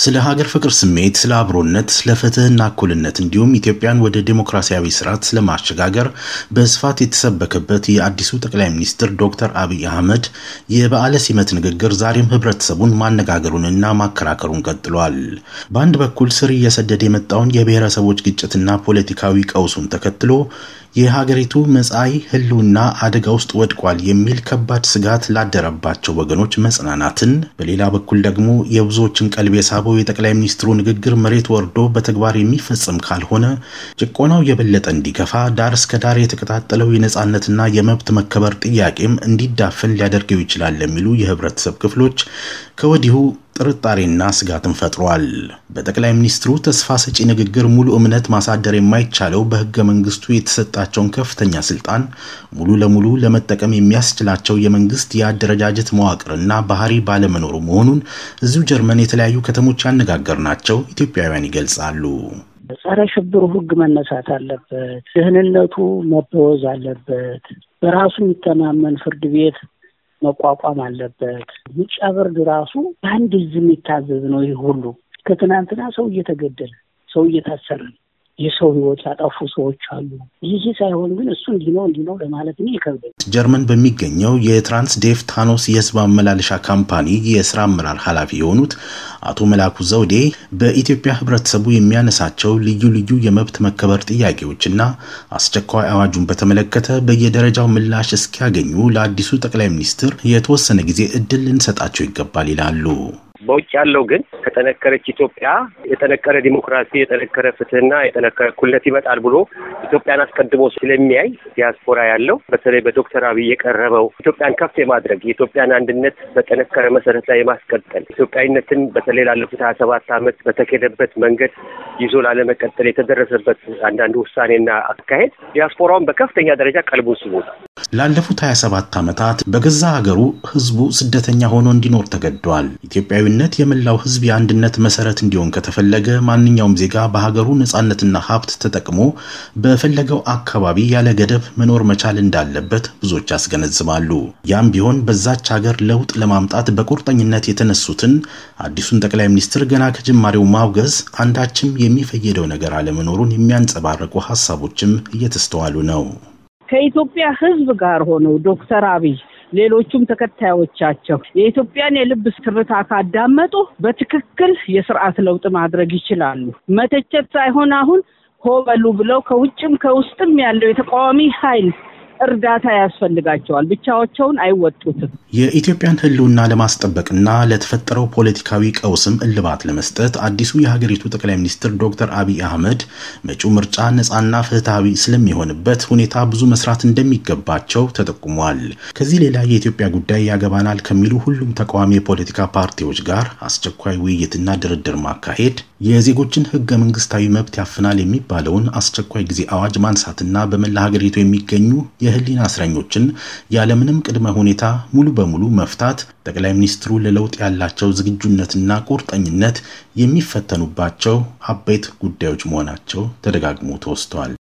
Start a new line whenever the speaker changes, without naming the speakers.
ስለ ሀገር ፍቅር ስሜት፣ ስለ አብሮነት፣ ስለ ፍትህና እኩልነት እንዲሁም ኢትዮጵያን ወደ ዴሞክራሲያዊ ስርዓት ስለማሸጋገር በስፋት የተሰበከበት የአዲሱ ጠቅላይ ሚኒስትር ዶክተር አብይ አህመድ የበዓለ ሲመት ንግግር ዛሬም ህብረተሰቡን ማነጋገሩንና ማከራከሩን ቀጥሏል። በአንድ በኩል ስር እየሰደደ የመጣውን የብሔረሰቦች ግጭትና ፖለቲካዊ ቀውሱን ተከትሎ የሀገሪቱ መጻኢ ህልውና አደጋ ውስጥ ወድቋል የሚል ከባድ ስጋት ላደረባቸው ወገኖች መጽናናትን፣ በሌላ በኩል ደግሞ የብዙዎችን ቀልብ የሳ የሀሳቡ የጠቅላይ ሚኒስትሩ ንግግር መሬት ወርዶ በተግባር የሚፈጸም ካልሆነ ጭቆናው የበለጠ እንዲገፋ፣ ዳር እስከ ዳር የተቀጣጠለው የነፃነትና የመብት መከበር ጥያቄም እንዲዳፈን ሊያደርገው ይችላል ለሚሉ የህብረተሰብ ክፍሎች ከወዲሁ ጥርጣሬና ስጋትን ፈጥሯል። በጠቅላይ ሚኒስትሩ ተስፋ ሰጪ ንግግር ሙሉ እምነት ማሳደር የማይቻለው በህገ መንግስቱ የተሰጣቸውን ከፍተኛ ስልጣን ሙሉ ለሙሉ ለመጠቀም የሚያስችላቸው የመንግስት የአደረጃጀት መዋቅርና ባህሪ ባለመኖሩ መሆኑን እዚሁ ጀርመን የተለያዩ ከተሞች ያነጋገርናቸው ኢትዮጵያውያን ይገልጻሉ። ጸረ ሽብሩ ህግ መነሳት አለበት። ደህንነቱ መበወዝ አለበት። በራሱ የሚተማመን ፍርድ ቤት መቋቋም አለበት። ምርጫ ቦርድ ራሱ በአንድ እዝ የሚታዘዝ ነው። ይህ ሁሉ ከትናንትና ሰው እየተገደለ ሰው እየታሰረ ነው። የሰው ህይወት ያጠፉ ሰዎች አሉ። ይህ ሳይሆን ግን እሱ እንዲህ ነው ለማለት ነው ለማለት ጀርመን በሚገኘው የትራንስ ዴፍ ታኖስ የህዝብ አመላለሻ ካምፓኒ የስራ አመራር ኃላፊ የሆኑት አቶ መላኩ ዘውዴ በኢትዮጵያ ህብረተሰቡ የሚያነሳቸው ልዩ ልዩ የመብት መከበር ጥያቄዎችና አስቸኳይ አዋጁን በተመለከተ በየደረጃው ምላሽ እስኪያገኙ ለአዲሱ ጠቅላይ ሚኒስትር የተወሰነ ጊዜ እድል ልንሰጣቸው ይገባል ይላሉ። በውጭ ያለው ግን ከጠነከረች ኢትዮጵያ የጠነከረ ዲሞክራሲ፣ የጠነከረ ፍትህና የጠነከረ እኩልነት ይመጣል ብሎ ኢትዮጵያን አስቀድሞ ስለሚያይ ዲያስፖራ ያለው በተለይ በዶክተር አብይ የቀረበው ኢትዮጵያን ከፍ የማድረግ የኢትዮጵያን አንድነት በጠነከረ መሰረት ላይ የማስቀጠል ኢትዮጵያዊነትን በተለይ ላለፉት ሀያ ሰባት ዓመት በተኬደበት መንገድ ይዞ ላለመቀጠል የተደረሰበት አንዳንድ ውሳኔና አካሄድ ዲያስፖራውን በከፍተኛ ደረጃ ቀልቡን ስቦታል። ላለፉት 27 ዓመታት በገዛ ሀገሩ ህዝቡ ስደተኛ ሆኖ እንዲኖር ተገዷል። ኢትዮጵያዊነት የመላው ህዝብ የአንድነት መሰረት እንዲሆን ከተፈለገ ማንኛውም ዜጋ በሀገሩ ነጻነትና ሀብት ተጠቅሞ በፈለገው አካባቢ ያለ ገደብ መኖር መቻል እንዳለበት ብዙዎች ያስገነዝባሉ። ያም ቢሆን በዛች ሀገር ለውጥ ለማምጣት በቁርጠኝነት የተነሱትን አዲሱን ጠቅላይ ሚኒስትር ገና ከጅማሬው ማውገዝ አንዳችም የሚፈየደው ነገር አለመኖሩን የሚያንጸባርቁ ሀሳቦችም እየተስተዋሉ ነው። ከኢትዮጵያ ህዝብ ጋር ሆነው ዶክተር አብይ ሌሎቹም ተከታዮቻቸው የኢትዮጵያን የልብ ትርታ ካዳመጡ በትክክል የስርዓት ለውጥ ማድረግ ይችላሉ። መተቸት ሳይሆን አሁን ሆበሉ ብለው ከውጭም ከውስጥም ያለው የተቃዋሚ ኃይል እርዳታ ያስፈልጋቸዋል። ብቻቸውን አይወጡትም። የኢትዮጵያን ሕልውና ለማስጠበቅና ለተፈጠረው ፖለቲካዊ ቀውስም እልባት ለመስጠት አዲሱ የሀገሪቱ ጠቅላይ ሚኒስትር ዶክተር አብይ አህመድ መጪው ምርጫ ነጻና ፍትሐዊ ስለሚሆንበት ሁኔታ ብዙ መስራት እንደሚገባቸው ተጠቁሟል። ከዚህ ሌላ የኢትዮጵያ ጉዳይ ያገባናል ከሚሉ ሁሉም ተቃዋሚ የፖለቲካ ፓርቲዎች ጋር አስቸኳይ ውይይትና ድርድር ማካሄድ የዜጎችን ህገ መንግስታዊ መብት ያፍናል የሚባለውን አስቸኳይ ጊዜ አዋጅ ማንሳትና በመላ ሀገሪቱ የሚገኙ የህሊና እስረኞችን ያለምንም ቅድመ ሁኔታ ሙሉ በሙሉ መፍታት ጠቅላይ ሚኒስትሩ ለለውጥ ያላቸው ዝግጁነትና ቁርጠኝነት የሚፈተኑባቸው አበይት ጉዳዮች መሆናቸው ተደጋግሞ ተወስተዋል።